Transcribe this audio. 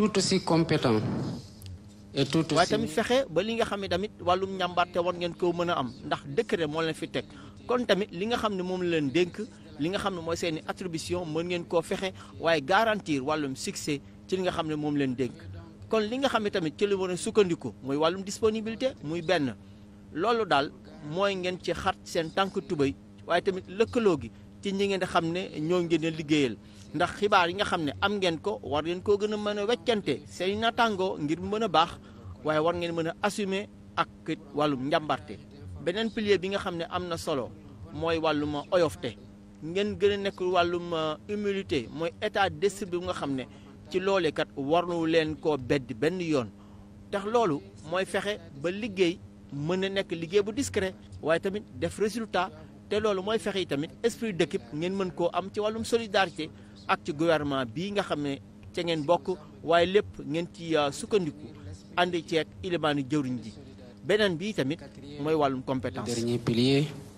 tout aussi compétent et tout waaye tamit fexe ba li nga xam ne tamit wàllum njàmbaarte war ngeen koo mën a am ndax décret moo leen fi teg kon tamit li nga xam ne moom leen dénk li nga xam ne mooy seen i attribution mën ngeen koo fexe waaye garantiir wàllum succès ci li nga xam ne moom leen dénk kon li nga xam ne tamit ci li war a sukkandiku muy wàllum disponibilité muy benn loolu daal mooy ngeen ci xar seen tànk tubéy waaye tamit lëkkaloo gi ci ñi ngeen di xam ne ñoo ngeen di liggéeyal ndax xibaar yi nga xam ne am ngeen ko war ngeen koo gën a mën a weccante seen nattangoo ngir mën a baax waaye war ngeen mën a assumer ak wàllum njàmbarte beneen pilier bi nga xam ne am na solo mooy wàllum oyofte ngeen gën a nekk wàllum humilité mooy état d'esprit bu nga xam ne ci loolee kat warnu leen koo bedd benn yoon tax loolu mooy fexe ba liggéey mën na nekk liggéey bu discret waaye tamit def résultat te loolu mooy fexe yi tamit esprit d'équipe ngeen mën koo am ci wàllum solidarité ak ci gouvernement bii nga xam ne ca ngeen bokk waaye lépp ngeen ci euh, sukkandiku ànd ceeg ilimaanu jëwriñ ji beneen bii tamit mooy wàllum compétence. dernier pilier.